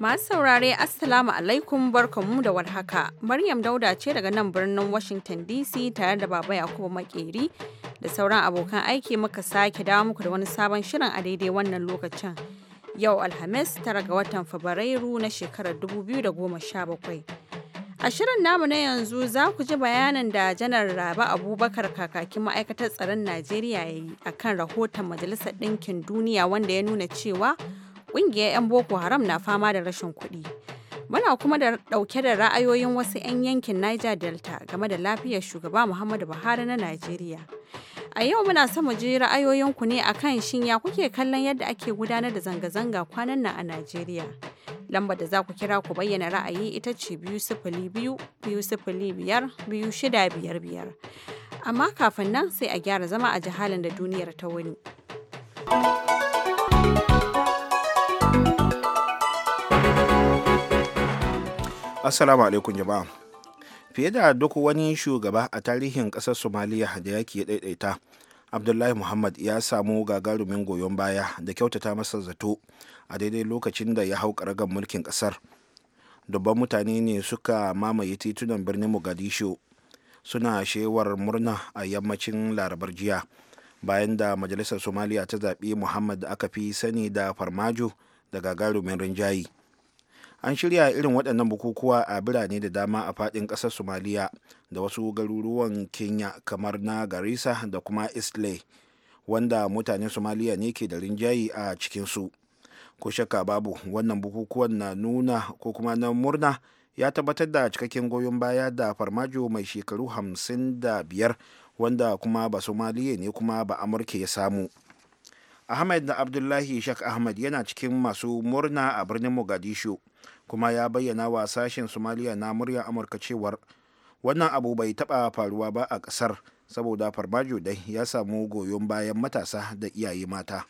Masu saurare Assalamu alaikum barkamu da warhaka. Maryam Dauda ce daga nan birnin Washington DC tare da Baba Yakubu Makeri da sauran abokan aiki muka sake dawo muku da wani sabon shirin a daidai wannan lokacin. Yau Alhamis tara ga watan Fabrairu na shekarar 2017. A shirin namu na yanzu za ku ji bayanin da janar Raba Abubakar kakakin ma'aikatar tsaron Najeriya ya yi akan rahoton Majalisar Ɗinkin Duniya wanda ya nuna cewa ƙungiyar 'yan Boko Haram na fama da rashin kuɗi. Muna kuma da ɗauke da ra'ayoyin wasu 'yan yankin Niger Delta game da lafiyar shugaba Muhammadu Buhari na Najeriya. A yau muna son mu ji ra'ayoyinku ne akan shin ya kuke kallon yadda ake gudanar da zanga-zanga kwanan nan a Najeriya. Lambar da za ku kira ku bayyana ra'ayi ita ce biyu sifili biyu biyu sifili biyar biyu shida biyar biyar. Amma kafin nan sai a gyara zama a jihalin da duniyar ta wuni. assalamu alaikum jama'a fiye da duk wani shugaba a tarihin ƙasar somaliya da yaki ya daidaita abdullahi muhammad ya samu gagarumin goyon baya da kyautata masa zato a daidai lokacin da ya hau karagar mulkin ƙasar dubban mutane ne suka mamaye titunan birnin mogadishu suna shewar murna a yammacin larabar jiya bayan da majalisar somaliya ta zaɓi muhammad da aka fi sani da farmajo da gagarumin rinjayi an shirya irin waɗannan bukukuwa a birane da dama a faɗin ƙasar somaliya da wasu garuruwan kenya kamar na garisa da kuma islay wanda mutanen somaliya ne ke da rinjaye a cikinsu ko shakka babu wannan bukukuwan na nuna ko kuma na murna ya tabbatar da cikakken goyon baya da farmajo mai shekaru hamsin da biyar wanda kuma ba somaliya ne kuma ba amurka ya samu ahmed da abdullahi shak ahmed yana cikin masu murna a birnin mogadishu kuma ya bayyana wa sashen somaliya na muryar amurka cewar wannan abu bai taba faruwa ba a kasar saboda farmajo dai ya samu goyon bayan matasa da iyaye mata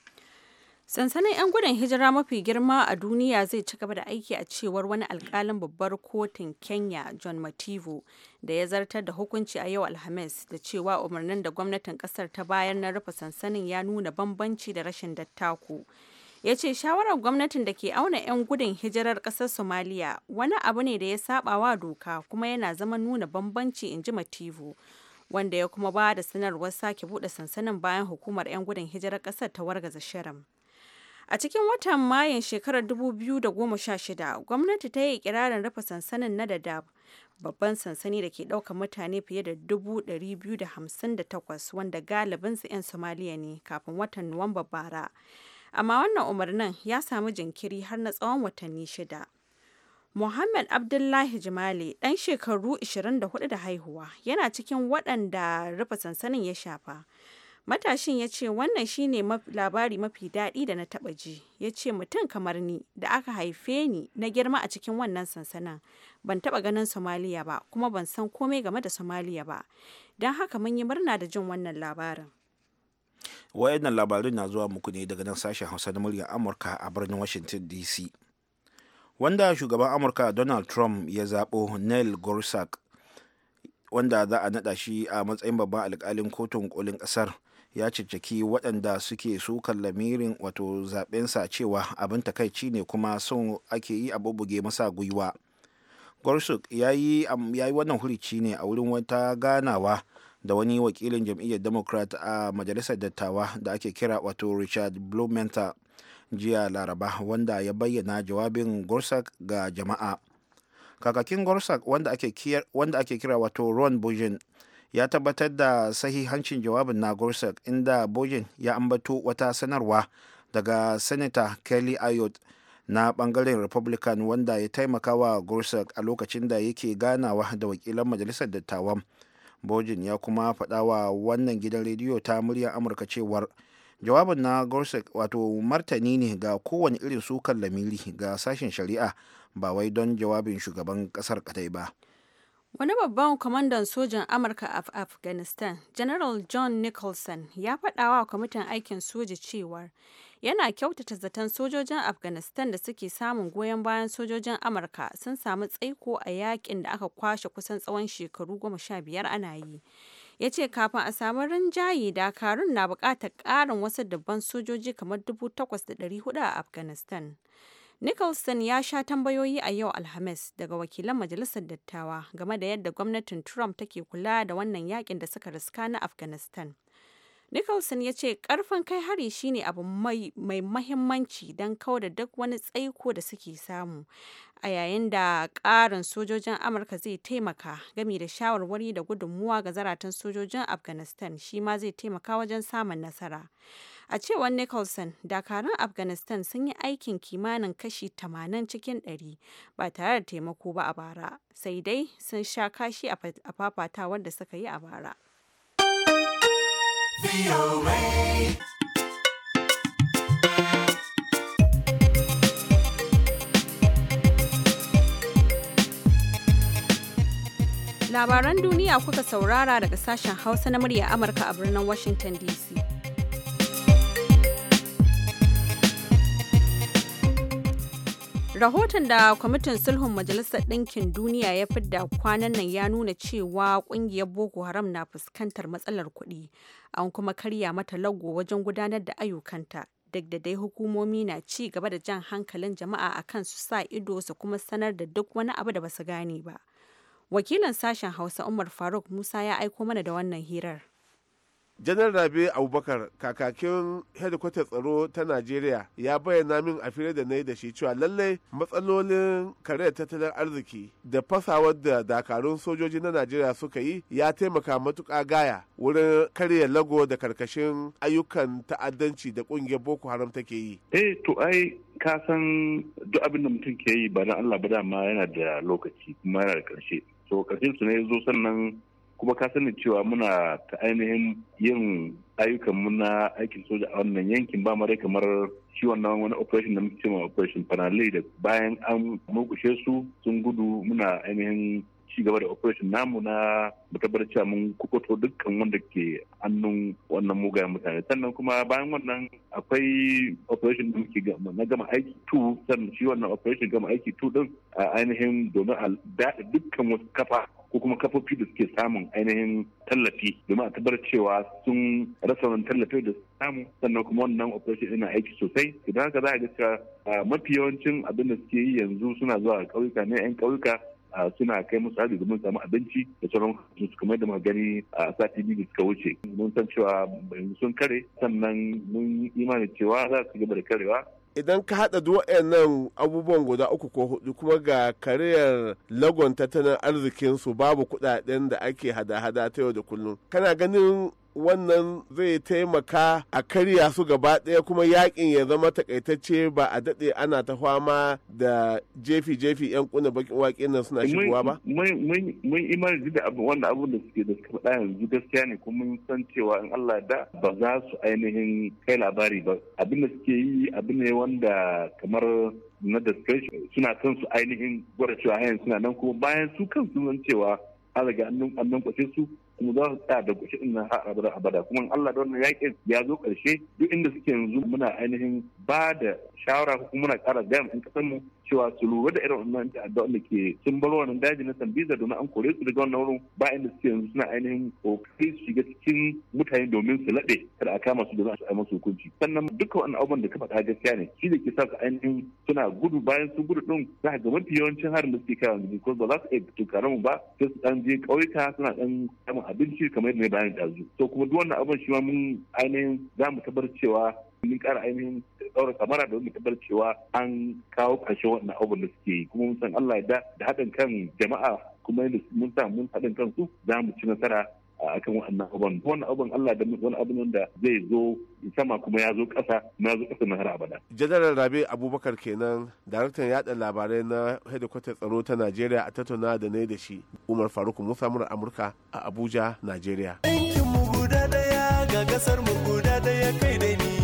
Sansanin 'yan gudun hijira mafi girma a duniya zai ci gaba da aiki a cewar wani alkalin babbar kotun Kenya John Mativo da ya zartar da hukunci a yau Alhamis da cewa umarnin da gwamnatin kasar ta bayar na rufe sansanin ya nuna bambanci da rashin dattako. Ya ce shawarar gwamnatin da ke auna 'yan gudun hijirar kasar Somalia wani abu ne da ya saba wa doka kuma yana zama nuna bambanci in ji Mativo. Wanda ya kuma ba da sanarwar sake buɗe sansanin bayan hukumar 'yan gudun hijirar kasar ta wargaza shirin. A cikin watan Mayun shekarar 2016, gwamnati ta yi ikirarin rufe sansanin na Dadaab, babban sansani da ke ɗaukar mutane fiye da 258 wanda su 'yan Somaliya ne kafin watan Nuwamba bara. Amma wannan umarnin ya samu jinkiri har na tsawon watanni shida. Muhammad Abdullahi Jimale, ɗan shekaru 24 da haihuwa, yana cikin waɗanda rufe sansanin ya shafa. Matashin ya ce wannan shine labari mafi daɗi da na taɓa ji. Ya ce mutum kamar ni da aka haife ni na girma a cikin wannan sansanin. Ban taɓa ganin somaliya ba kuma ban san komai game da somaliya ba. Don haka mun yi murna da jin wannan labarin. Wayannan labarin na zuwa muku ne daga nan sashen Hausa na muryar Amurka a birnin Washington DC. Wanda shugaban Amurka Donald Trump ya zaɓo Neil gorsak wanda za a naɗa shi a matsayin babban alkalin kotun kolin ƙasar ya cicciki waɗanda suke sukan lamirin wato zaɓensa cewa abin takaici ne kuma son ake yi a buge masa gwiwa gorsuk ya yi wannan hurici ne a wurin wata ganawa da wani wakilin jam'iyyar democrat a majalisar dattawa da ake kira wato richard blumenthal jiya laraba wanda ya bayyana jawabin gorsak ga jama'a kakakin gorsak wanda ake kira wato ron bujin ya tabbatar da sahihancin jawabin na gorsak inda bojin ya ambato wata sanarwa daga senator kelly ayot na bangaren republican wanda ya taimaka wa gorsak a lokacin da yake ganawa da wakilan majalisar dattawan bojin ya kuma faɗa wa wannan gidan rediyo ta muryar amurka cewar jawabin na gorsak wato martani ne ga kowane irin sukan lamiri ga sashen shari'a ba wai don jawabin shugaban kasar kadai ba. Wani babban kwamandan sojan Amurka a Afghanistan, General John Nicholson, ya faɗa wa kwamitin aikin soja cewa yana kyautata zaton sojojin Afghanistan da suke samun goyon bayan sojojin Amurka sun samu tsaiko a yakin da aka kwashe kusan tsawon shekaru goma sha biyar ana yi. ya ce kafin a samu rinjaye karun na bukatar ƙarin wasu dabban sojoji kamar 8,400 a afghanistan Nicholson ya sha tambayoyi a yau Alhamis daga wakilan Majalisar Dattawa game da yadda gwamnatin Trump take kula da wannan yakin da suka riska na Afghanistan. Nicholson ya ce karfin kai hari shine abu mai mahimmanci don da duk wani tsaiko da suke samu a yayin da karin sojojin Amurka zai taimaka gami da shawarwari da gudunmuwa ga zaratan sojojin Afghanistan shi ma zai taimaka wajen samun nasara. A cewar Nicholson, dakaran Afghanistan sun yi aikin kimanin kashi 80 cikin 100 ba tare da taimako ba a bara, sai dai sun sha kashi a fafatawar da suka yi a bara. Labaran duniya kuka saurara daga sashen Hausa na murya Amurka a birnin Washington DC. Rahoton da Kwamitin Sulhun Majalisar Ɗinkin Duniya ya fidda kwanan nan ya nuna cewa ƙungiyar Boko Haram na fuskantar matsalar kuɗi, an kuma karya mata lago wajen gudanar da ayyukanta. Duk da dai hukumomi na ci gaba da jan hankalin jama'a a kan su sa ido su kuma sanar da duk wani abu da basu gane ba. Wakilin sashen Hausa Umar Faruk Musa ya aiko mana da wannan hirar. janar rabe abubakar kakakin hedikwatar tsaro ta najeriya ya bayyana min a fira da na yi da shi cewa lallai matsalolin kare tattalin arziki da fasawar da dakarun sojoji na najeriya suka yi ya taimaka matuƙa gaya wurin karya lago da karkashin ayyukan ta'addanci da ƙungiyar boko haram take yi eh to ai ka san duk abin mutum ke yi ba na allah ba dama yana da lokaci kuma yana da ƙarshe so ƙarshen su ne zo sannan kuma ka sani cewa muna ta ainihin yin ayyukan mu na aikin soja a wannan yankin ba mare kamar shi wannan wani operation da muke cewa operation panale da bayan an murkushe su sun gudu muna ainihin ci gaba da operation namu na mutabar cewa mun kukuto dukkan wanda ke hannun wannan mugayen mutane sannan kuma bayan wannan akwai operation da muke na gama aiki tu sannan shi wannan operation gama aiki tu din a ainihin domin a daɗa dukkan wasu kafa ko kuma kafofi da suke samun ainihin tallafi domin a tabbatar cewa sun rasa wani tallafi da samu sannan kuma wannan operation yana aiki sosai idan haka za a ga cewa mafi yawancin abin da suke yi yanzu suna zuwa ƙauyuka ne 'yan ƙauyuka suna kai musu hadu domin samu abinci da sauran su kamar yadda muka a sati biyu suka wuce mun san cewa sun kare sannan mun imani cewa za su gaba da karewa idan ka haɗa duk nan abubuwan guda uku ko hudu kuma ga kariyar lagon tattalin arzikinsu babu kuɗaɗen da ake hada-hada ta yau da kullum kana ganin wannan zai taimaka a karya su gaba ɗaya kuma yakin ya zama takaitacce ba a daɗe ana ta fama da jefi-jefi 'yan kuna bakin waƙin nan suna shigowa ba? Mun imani da abu wanda abu da suke da suka faɗa yanzu gaskiya ne kuma mun san cewa in Allah da ba za su ainihin kai labari ba abin da suke yi abu ne wanda kamar na desperation suna son su ainihin gwada cewa hayan suna nan kuma bayan su kan sun cewa an riga an kwace su kuma za su tsaya da kushe din har abada abada kuma Allah da wannan yakin ya zo karshe duk inda suke yanzu muna ainihin ba da shawara ko kuma muna kara gaya mu kasan mu cewa su lura da irin wannan ta'adda wanda ke sun bar wannan daji na Sambiza domin an kore su daga wannan wurin ba inda suke yanzu suna ainihin kokari su shiga cikin mutane domin su laɗe kada a kama su da za su ai hukunci sannan duka wannan abubuwan da ka faɗa gaskiya ne shi da ke sa su ainihin suna gudu bayan su gudu din za ka ga mafi yawancin harin da suke kawo yanzu ko ba za su iya mu ba sai su ɗan je ƙauyuka suna ɗan samun abinci kamar yadda na bayan ɗazu to kuma duk wannan abin shi ma mun ainihin za mu tabbatar cewa mun ƙara ainihin ɗaura kamara da mu tabbatar cewa an kawo ƙarshen wannan abin da suke yi kuma mun san Allah ya da haɗin kan jama'a kuma yadda mun sa mun haɗin kansu za mu ci nasara akan wannan abubuwan wannan abubuwan Allah da wani abin da zai zo sama kuma ya zo ƙasa kuma zo ƙasa na har abada. Janaral Rabi Abubakar kenan daraktan yada labarai na hedikwatar tsaro ta Najeriya a tattauna da ne da shi Umar Faruk Musa mura Amurka a Abuja, Najeriya. Yankin mu guda daya ga kasar mu guda daya kai da ni.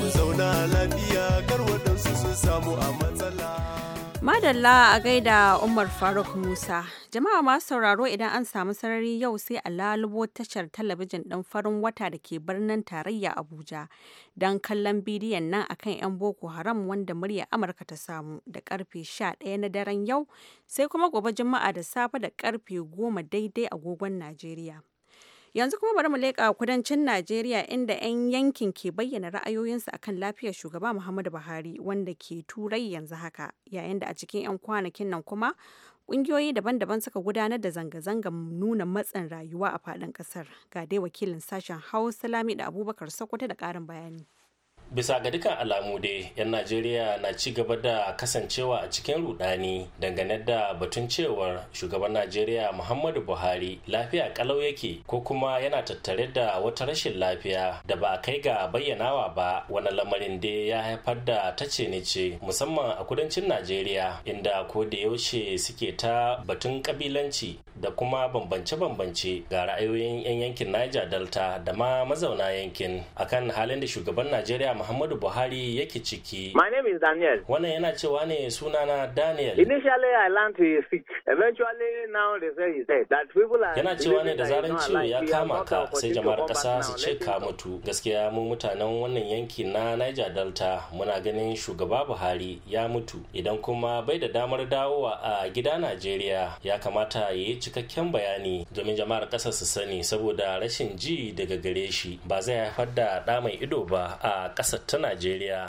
Ku zauna lafiya kar wadansu sun samu a matsala. Madalla a gaida Umar Faruk Musa. Jama'a masu sauraro idan an samu sarari yau sai a lalubo tashar talabijin ɗin farin wata da ke birnin tarayya Abuja don kallon bidiyon nan akan 'yan Boko Haram wanda murya Amurka ta samu da karfe 11 na daren yau sai kuma gobe Juma'a da safe da karfe 10 daidai agogon Najeriya. Yanzu kuma bari mu leƙa kudancin Najeriya inda 'yan yankin ke bayyana ra'ayoyinsu akan lafiyar shugaba Muhammadu Buhari wanda ke turai yanzu haka, yayin da a cikin 'yan kwanakin nan kuma ƙungiyoyi daban-daban suka gudanar da zanga-zangar nuna matsin rayuwa a faɗin ƙasar. Ga dai wakilin sashen Hausa Lamidu Abubakar Sokoto da ƙarin bayani. bisa ga dukkan alamu dai yan najeriya na ci gaba da kasancewa a cikin rudani dangane da batun cewar shugaban najeriya muhammadu buhari lafiya kalau yake ko kuma yana tattare da wata rashin lafiya da ba kai ga bayyanawa ba wani lamarin dai ya haifar da ta ce ce musamman a kudancin najeriya inda ko da yaushe suke ta batun kabilanci da kuma bambance-bambance ga ra'ayoyin 'yan yankin niger delta da ma mazauna yankin akan halin da shugaban najeriya Muhammadu Buhari yake ciki. My name is Daniel. Wannan yana cewa ne sunana Daniel. Initially I learned to speak. Eventually now they say he said that people are Yana cewa ne da zaran ciwo ya kama ka sai jama'ar ƙasa su ce ka mutu. Gaskiya mu mutanen wannan yanki na Niger Delta muna ganin shugaba Buhari ya mutu idan kuma bai da damar dawowa a gida Najeriya ya kamata ya yi cikakken bayani domin jama'ar ƙasa su sani saboda rashin ji daga gare shi ba zai haifar da ɗa mai ido ba a ƙasa ƙasar ta Najeriya.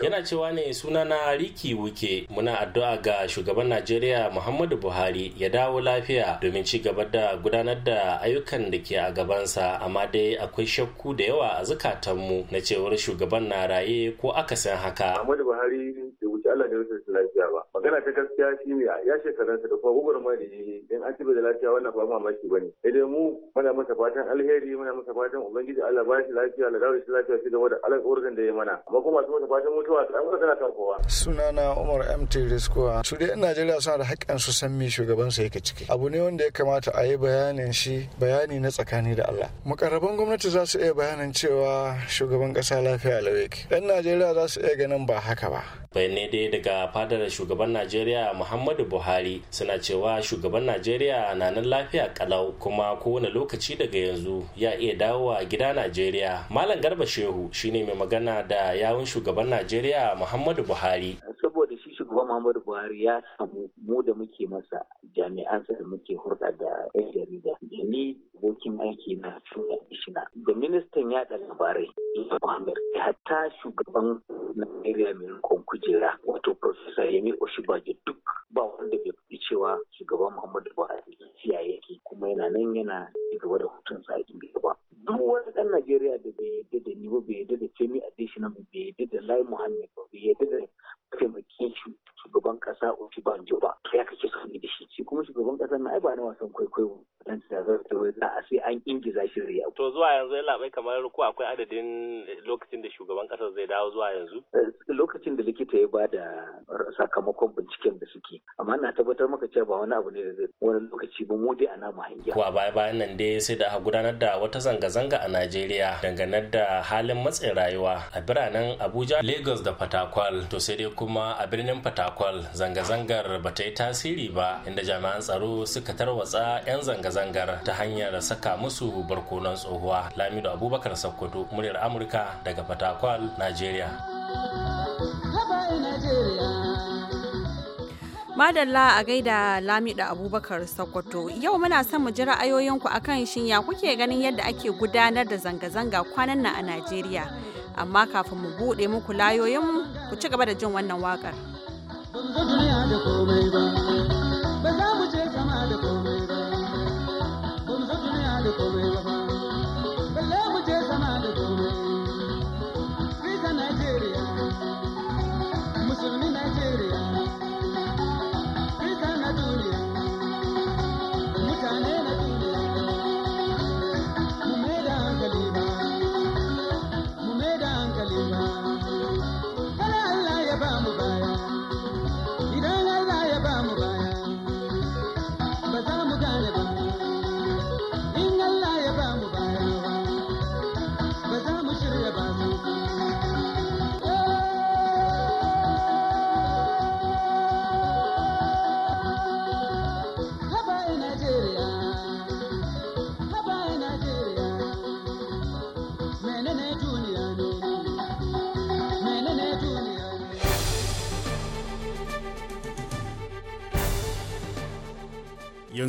Yana cewa ne suna na Riki Wuke muna addu'a ga shugaban Najeriya Muhammadu Buhari ya dawo lafiya domin ci gaba da gudanar da ayyukan da ke a gabansa amma dai akwai shakku da yawa a zukatanmu na cewar shugaban na raye ko akasin haka. Muhammadu Buhari da wuce Allah da lafiya ba magana ta gaskiya shi ne ya shekarunsa da kuma gugurma da yi in an ci da lafiya wannan ba mamaki ba ne idan mu muna masa fatan alheri muna masa fatan ubangiji Allah ba shi lafiya da dawo shi lafiya shi game da alƙawarin da ya mana amma kuma masu masa fatan mutuwa ta amsa tana kan kowa sunana Umar MT Riskuwa su dai yan Najeriya suna da haƙƙin su san me shugaban su yake ciki abu ne wanda ya kamata a yi bayanin shi bayani na tsakani da Allah mukarraban gwamnati za su iya bayanin cewa shugaban ƙasa lafiya lau yake yan Najeriya za su iya ganin ba haka ba bayanai dai daga fadar shugaban Najeriya Muhammadu Buhari suna cewa shugaban Najeriya na nan lafiya kalau kuma kowane lokaci lokaci daga yanzu ya iya dawo wa gida najeriya malam garba shehu shine mai magana da yawun shugaban najeriya muhammadu buhari saboda shi shugaban muhammadu buhari ya samu mu da muke masa jami'an da muke hurɗa da yan jarida da ni abokin aiki na ishina da ministan yaɗa labarai muhammad hatta shugaban najeriya mai rikon kujera wato Profesa yemi Oshibaji duk ba wanda bai fi cewa shugaban muhammadu buhari yi kuma yana nan yana ci gaba da hutun sa aikin gaba duk wani ɗan Najeriya da bai yadda da ni ba bai yadda da Femi Adesina ba bai yadda da Lai Muhammad ba bai yadda da taimakin shugaban kasa Obi Banjo ba to ya kake so ni da shi kuma shugaban kasa na ai ba na wasan kwaikwayo an ingiza shi riya. To zuwa yanzu yana bai kamar ko akwai adadin lokacin da shugaban kasar zai dawo zuwa yanzu? Eh, lokacin da likita ya bada sakamakon binciken da suke. Amma na tabbatar maka cewa ba wani abu ne da zai wani lokaci ba mu dai ana mahangiya. Ko a baya bayan nan dai sai da aka gudanar da wata zanga-zanga a Najeriya dangane da halin matsin rayuwa a biranen Abuja, Lagos da Fatakwal. To sai dai kuma a birnin Fatakwal zanga-zangar ba ta yi tasiri ba inda jami'an tsaro suka tarwatsa 'yan zanga-zangar ta hanyar saka musu barkonon tsohuwa lamido abubakar sakkwato muryar amurka daga fatakwal nigeria Madalla a gaida Lamida Abubakar Sokoto. Yau muna son mu ji ra'ayoyinku akan shin ya kuke ganin yadda ake gudanar da zanga-zanga kwanan nan a Najeriya. Amma kafin mu bude muku layoyin ku ci gaba da jin wannan wakar.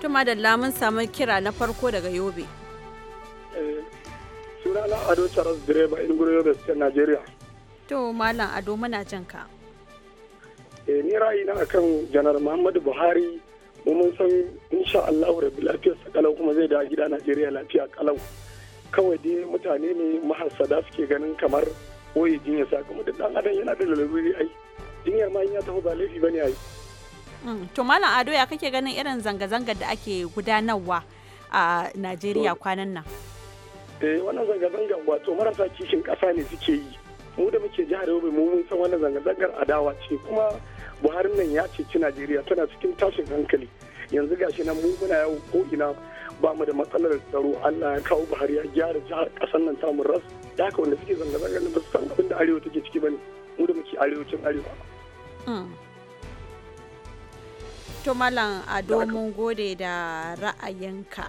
Tuma da lamun samu kira na farko daga Yobe. Eh, Suna na Ado Charles Direba in guri Yobe State Nigeria. To Malam Ado muna jin ka. e, ni na akan Janar Muhammadu Buhari mu mun san insha Allah rabbi lafiya sa kalau kuma zai dawo gida nigeria lafiya kalau. Kawai dai mutane ne mahassada suke ganin kamar waye jinya sakamakon dan adam yana da lalurai ai. Jinyar ma in ya taho ba laifi bane ai. Mm. to malam ado ya kake ganin irin zanga-zangar da ake gudanarwa a najeriya kwanan nan eh wannan zanga-zangar wato marasa kishin kasa ne suke yi mu da muke jihar yobe mu mun san wannan zanga-zangar adawa ce kuma buharin nan ya ceci najeriya tana cikin tashin hankali yanzu gashi nan mu muna yawo ko ina ba mu da matsalar tsaro Allah ya kawo Buhari ya gyara jihar kasan nan tamu ras da haka wanda suke zanga zangar ba su san abin da arewa take ciki ba ne mu da muke arewacin arewa mm. to malam ado mun gode da ra'ayinka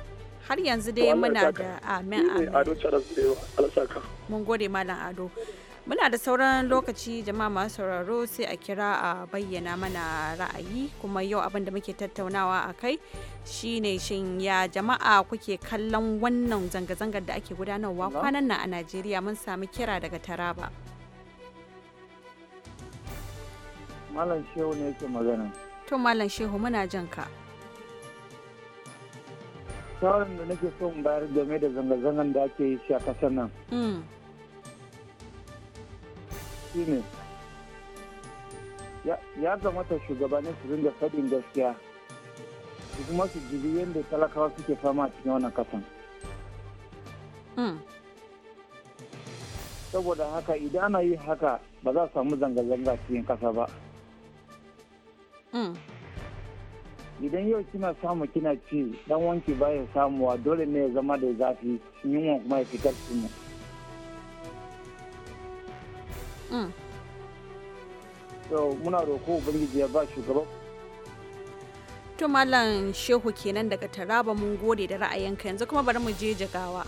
har yanzu dai muna da amin gode malam ado muna da sauran lokaci jama'a masu sauraro sai a kira a bayyana mana ra'ayi kuma yau abin da muke tattaunawa a kai shine shin ya jama'a kuke kallon wannan zanga-zangar da ake gudanarwa kwanan nan a najeriya mun sami kira daga taraba malam shehu ne ke magana To Malam Shehu muna jan ka. Shawarar da nake so bayar game da zanga-zangan da ake yi shi a kasar nan. Hmm. Shine, ya kamata shugabannin su dinga faɗin gaskiya, su kuma su jibi yadda talakawa suke fama a cikin wannan kasan. Hmm. Saboda haka idan ana yi haka ba za a samu zanga-zanga cikin kasa ba. Mm. idan yau kina samu kina ci dan wanki baya samuwa dole ne ya zama da zafi yunwa kuma ya fitar mu. Mm. so muna roko ubangiji ya ba shugaban to malam shehu kenan daga taraba mun gode da ra'ayinka yanzu kuma bari mu je jigawa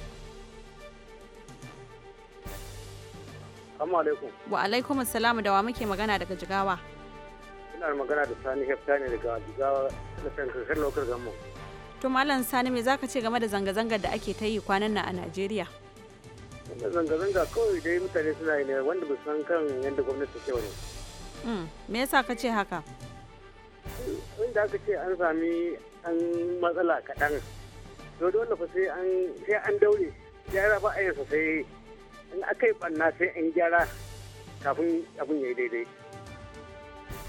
Assalamu alaikum. Wa alaikum da wa muke magana daga jigawa. Ina magana da Sani Hefta ne daga Jigawa na Sankar Lokar gammu. To Malam Sani me zaka ce game da zanga-zangar da ake ta yi kwanan nan a Najeriya? Wanda zanga-zanga kawai dai mutane suna yi ne wanda ba san kan yadda gwamnati ke wani. Mm, me yasa ka ce haka? Wanda aka ce an sami an matsala kaɗan. To dole fa sai an sai an daure gyara ba a yi sai in aka yi ɓanna sai an gyara kafin abin ya yi daidai.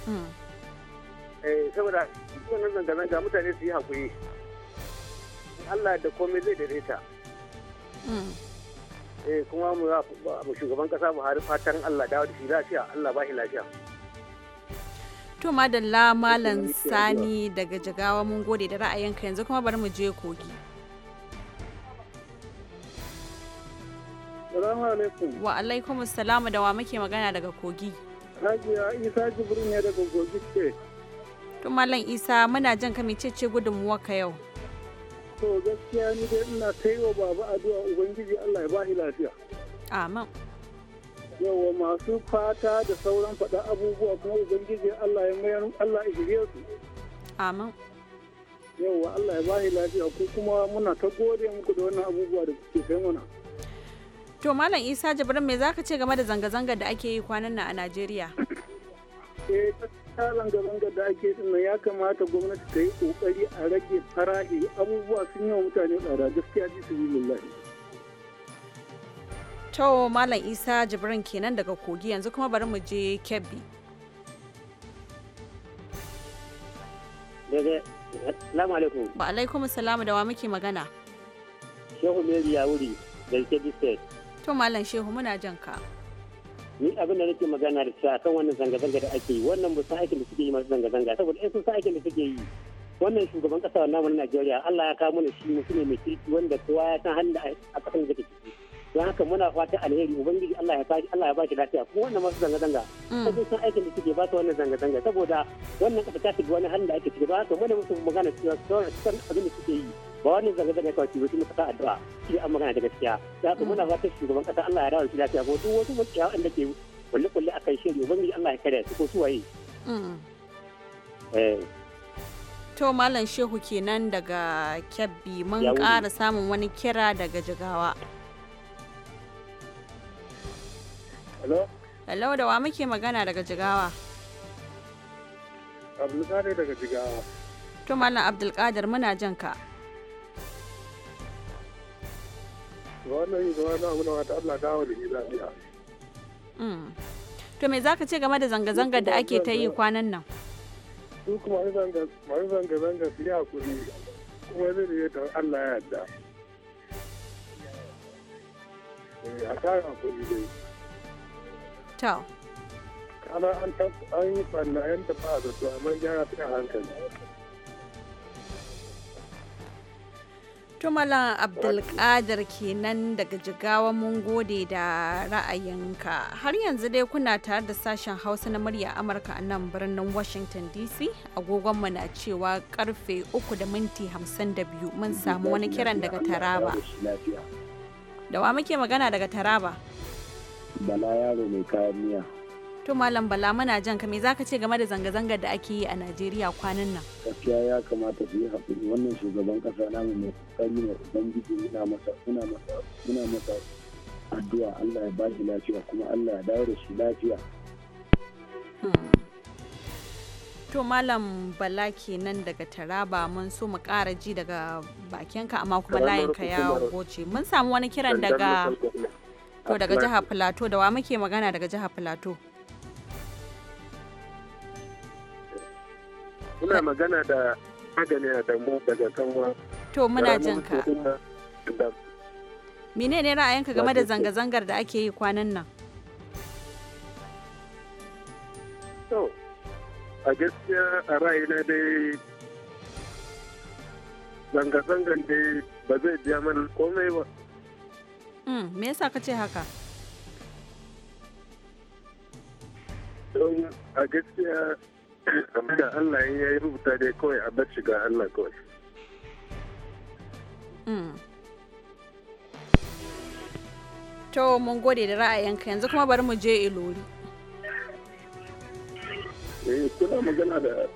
Mm. Eh, saboda wannan zanga-zanga mutane su yi haƙuri Allah da komai zai daidaita hmm. eh kuma mu shugaban kasa Buhari fatan Allah dawo da shi lafiya Allah ba shi lafiya to madalla malam sani daga jigawa mun gode da ra'ayinka yanzu kuma bari mu je kogi wa alaikum salamu da wa muke magana daga kogi hajiya isa jibrin ne daga kogi ce to malam isa muna jan ka mecece gudunmuwar ka yau to gaskiya ni dai ina kai wa baba addu'a ubangiji Allah ya shi lafiya amin yawa masu fata da sauran faɗa abubuwa kuma ubangiji Allah ya mayar Allah ya shirye su amin yawa Allah ya shi lafiya ko kuma muna ta gode muku da wannan abubuwa da kuke kai mana To Malam Isa Jibrin me zaka ce game da zanga-zangar da ake yi kwanan nan a Najeriya? Eh, zanga-zanga da ake nan ya kamata gwamnati ta yi kokari a rage farahi abubuwa sun yi wa mutane tsada gaskiya ji su lillahi. To Malam Isa Jibrin kenan daga Kogi yanzu kuma bari mu je Kebbi. Daga Assalamu alaikum. Wa alaikum da wa muke magana. Shehu Mary Yawuri da ke State. To Malam Shehu muna jan ka. ni abin da nake magana da sa kan wannan zanga-zanga da ake yi wannan ba san aikin da suke yi masu zanga-zanga saboda in sun san aikin da suke yi wannan shugaban kasa namu na Najeriya Allah ya kawo mana shi mutum ne mai kirki wanda kowa ya san halin da a kasan da take ciki don haka muna fata alheri ubangiji Allah ya baki Allah ya baki lafiya kuma wannan masu zanga zanga mm. sai sun aikin da suke ba su wannan zanga zanga saboda wannan kasa ta shiga wani halin da ake ciki don haka muna musu magana cewa sauran abin da suke yi ba wani zanga-zanga kawai ke wasu mutaka addu'a shi an magana da gaskiya da haka muna fatan shugaban kasa Allah ya rawar shi lafiya ko duk wasu makiya wanda ke kulle-kulle a kan shiri ubangiji Allah ya kare su ko su waye. Mm. Eh. To Malam Shehu kenan daga Kebbi mun ƙara samun wani kira daga Jigawa. Hello? Hello da wa muke magana daga Jigawa? Abdulkadir daga Jigawa. To Malam Abdulkadir muna jan ka. abu Allah ta mm. To me za ka ce game da zanga-zangar da ake ta yi kwanan nan? Su kuma masu zanga-zanga su yi hakuri kuma zai da yadda Allah ya yadda. Eh, a kayan hakuri dai. ta Kana an yi ɓanna yan ba a zato amma gyara su hankali. Tumalan Abdulkadir kenan daga jigawa mun gode da ra'ayinka. Har yanzu dai kuna tare da sashen Hausa na murya Amurka a nan birnin Washington DC. Agogonmu na cewa karfe 3 da minti 52 mun samu wani kiran daga Taraba. Da wa muke magana daga Taraba? Bala yaro mai kayan miya. to malam bala muna jan ka me zaka ce game da zanga-zangar da ake yi a najeriya kwanan nan gaskiya ya kamata su yi haƙuri wannan shugaban ƙasa na mai kokari ne gidi muna masa muna masa muna masa addu'a allah ya ba shi lafiya kuma allah ya dawo da shi lafiya hmm. to malam bala kenan daga taraba mun so mu kara ji daga bakinka amma kuma layin ka ya goce mun samu wani kiran daga to daga jihar plateau da wa muke magana daga jihar plateau Muna magana da magani Adamu daga kanwa. To muna jin ka. Mene ne ra'ayinka game da zanga-zangar da ake yi kwanan nan? To, a gaskiya a ra'ayina dai zanga-zangar dai ba zai biya mana komai ba. Mm, me yasa ka ce haka? Don a gaskiya game da Allah in ya yi rubuta dai kawai a bar ga Allah kawai. Hmm. To mun gode da ra'ayinka yanzu kuma bari mu je Ilori. Eh kuna magana da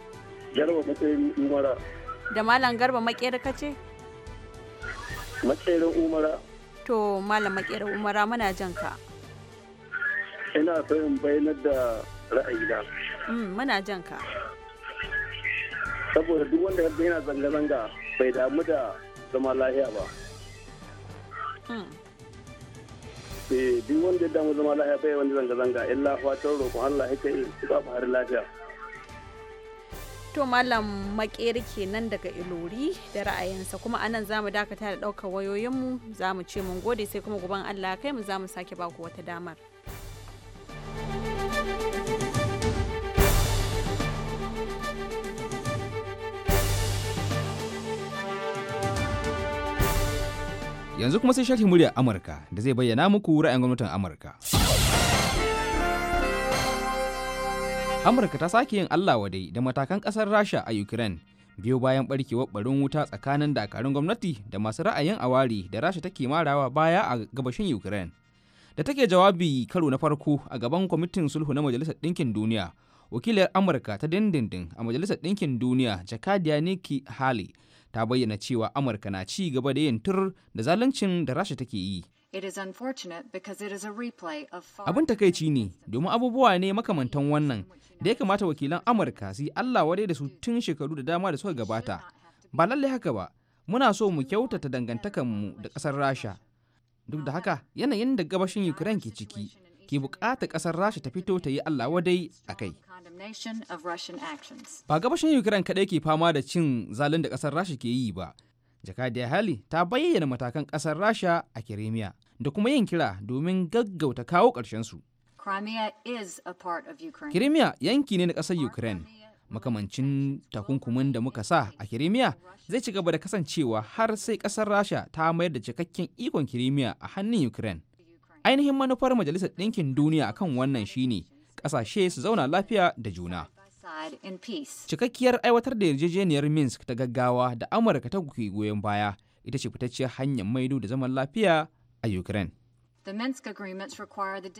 Garba matsayin Umara. Da Malam Garba Makeri ka ce? Makerin Umara. To Malam Makerin Umara muna jan ka. Ina so in bayyana da ra'ayina. Mm, muna jan ka saboda duk wanda ya yana zanga-zanga bai damu da zama lahiya ba mm. eh duk wanda ya damu zama lahiya bai wani zanga-zanga illa fatan roƙon Allah yake yi su ba har lafiya to malam makeri kenan daga ilori da ra'ayinsa kuma anan za mu dakata da ɗaukar wayoyinmu za mu ce mun gode sai kuma guban Allah kai mu za mu sake baku wata damar. Yanzu kuma sai sharhi muryar Amurka da zai bayyana muku ra'ayin gwamnatin Amurka. Amurka ta sake yin Allah wadai da matakan ƙasar Rasha a Ukraine biyo bayan barkewar barin wuta tsakanin dakarun gwamnati da masu ra'ayin awari da Rasha take marawa baya a gabashin Ukraine. Da take jawabi karo na farko a gaban kwamitin sulhu na Majalisar Ɗinkin Duniya, wakilar Amurka ta dindindin a Majalisar Ɗinkin Duniya, Jakadiya Nikki Haley ta bayyana cewa Amurka na ci gaba da yin tur da zaluncin da Rasha take yi. Abin takaici ne domin abubuwa ne makamantan wannan da ya kamata wakilan Amurka su yi Allah wadai da su tun shekaru da dama da suka gabata. Ba lallai haka ba, muna so mu kyautata dangantakanmu da ƙasar Rasha. Duk da haka yanayin da gabashin Ukraine ke ciki ke bukata kasar rasha ta fito ta yi allah wadai a kai ba gabashin ukraine kadai ke fama da cin zalin da kasar rasha ke yi ba jakadiyar hali ta bayyana matakan kasar rasha a kirimiya da kuma yin kira domin gaggauta kawo su. kirimiya yanki ne na kasar ukraine makamancin takunkumin da muka sa a kirimiya zai ci gaba da kasancewa har sai kasar rasha ta mayar da cikakken ikon kirimiya a hannun ukraine ainihin manufar majalisar ɗinkin duniya kan wannan shine ƙasashe su zauna lafiya da juna cikakkiyar aiwatar da yarjejeniyar minsk ta gaggawa da amurka ta kuke goyon baya ita ce fitacciyar hanyar maido da zaman lafiya a ukraine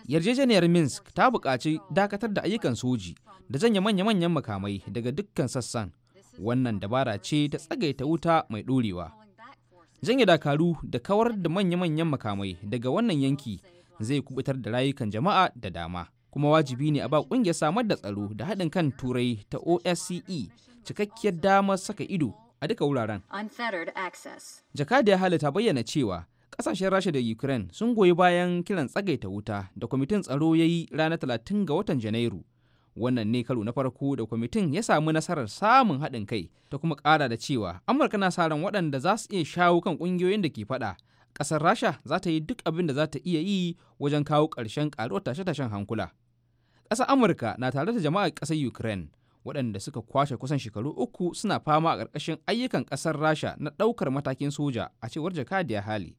yarjejeniyar minsk ta buƙaci dakatar da ayyukan soji da janye manya-manyan makamai daga dukkan sassan wannan dabara ce ta tsagaita wuta mai ɗorewa janye dakaru da kawar da manya-manyan makamai daga wannan yanki zai kubutar da rayukan jama'a da dama kuma wajibi ne a ba ƙungiyar samar da tsaro da haɗin kan turai ta osce cikakkiyar damar saka ido a duka wuraren jakadiyar hali ta bayyana cewa ƙasashen rasha da ukraine sun goyi bayan kiran tsagaita wuta da kwamitin tsaro ya yi ranar talatin ga watan janairu wannan ne karo na farko da kwamitin ya samu nasarar samun haɗin kai ta kuma ƙara da cewa amurka na sa ran waɗanda za su iya shawo kan ƙungiyoyin da ke faɗa ƙasar rasha za ta yi duk abin da za ta iya yi wajen kawo ƙarshen ƙaruwar tashe-tashen hankula ƙasar amurka na tare da jama'ar ƙasar ukraine waɗanda suka kwashe kusan shekaru uku suna fama a ƙarƙashin ayyukan ƙasar rasha na ɗaukar matakin soja a cewar jakadiyar hali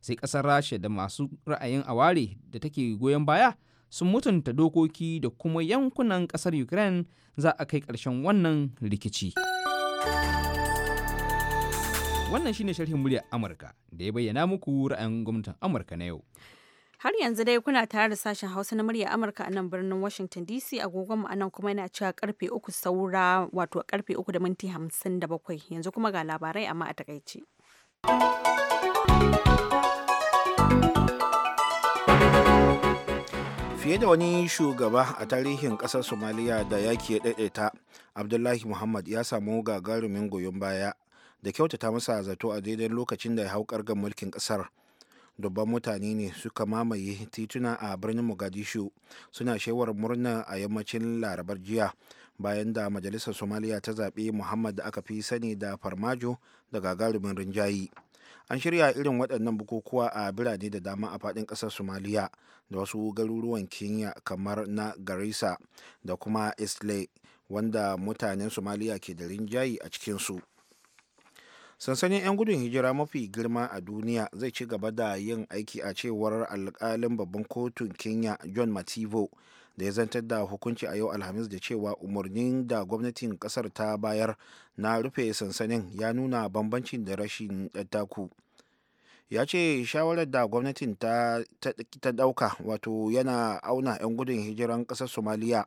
sai ƙasar rasha da masu ra'ayin aware da take goyon baya sun mutunta dokoki da kuma yankunan ƙasar ukraine za a kai ƙarshen wannan rikici. Wannan shine sharhin muryar Amurka da ya bayyana muku ra'ayin gwamnatin Amurka na yau. Har yanzu dai kuna tare da sashen Hausa na muryar Amurka a nan birnin Washington DC agogon mu nan kuma yana cewa karfe uku saura wato karfe uku da minti hamsin da bakwai yanzu kuma ga labarai amma a takaice. fiye da wani shugaba a tarihin kasar somaliya da yaki ya daidaita abdullahi muhammad ya samu gagarumin goyon baya da kyautata masa zato a daidai lokacin da ya hau kargan mulkin kasar dubban mutane ne suka mamaye tituna a birnin mogadishu suna shewar murna a yammacin larabar jiya bayan da majalisar somaliya ta zaɓe muhammad da aka fi sani da farmajo da gagarumin rinjayi an shirya irin waɗannan bukukuwa a birane da dama a faɗin ƙasar somaliya da wasu garuruwan kenya kamar na garisa da kuma islay wanda mutanen somaliya ke da rinjayi a cikinsu. sansanin 'yan gudun hijira mafi girma a duniya zai ci gaba da yin aiki a cewar alkalin babban kotun kenya john mativo da ya zantar da hukunci a yau alhamis da cewa umarnin da gwamnatin kasar ta bayar na rufe sansanin ya nuna bambancin da rashin ɗattaku ya ce shawarar da gwamnatin ta ɗauka wato yana auna 'yan gudun hijiran ƙasar somaliya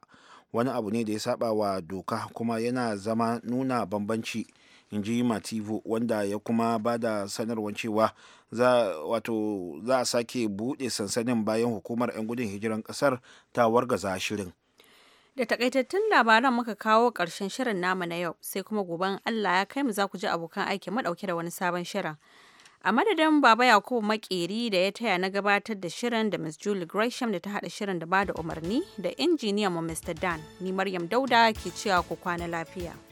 wani abu ne da ya saba wa doka kuma yana zama nuna bambanci in ji mativo wanda ya kuma ba da sanarwar cewa za a sake buɗe sansanin bayan hukumar 'yan gudun hijiran ƙasar ta wargaza shirin da takaitattun labaran muka kawo ƙarshen shirin namu na yau sai kuma goban allah ya kai mu za ku ji abokan aiki madauke da wani sabon shirin a madadin baba yakubu makeri da ya taya na gabatar da shirin da miss julie gresham da ta haɗa shirin da bada umarni da injiniyan mu mr dan ni maryam dauda ke cewa ku kwana lafiya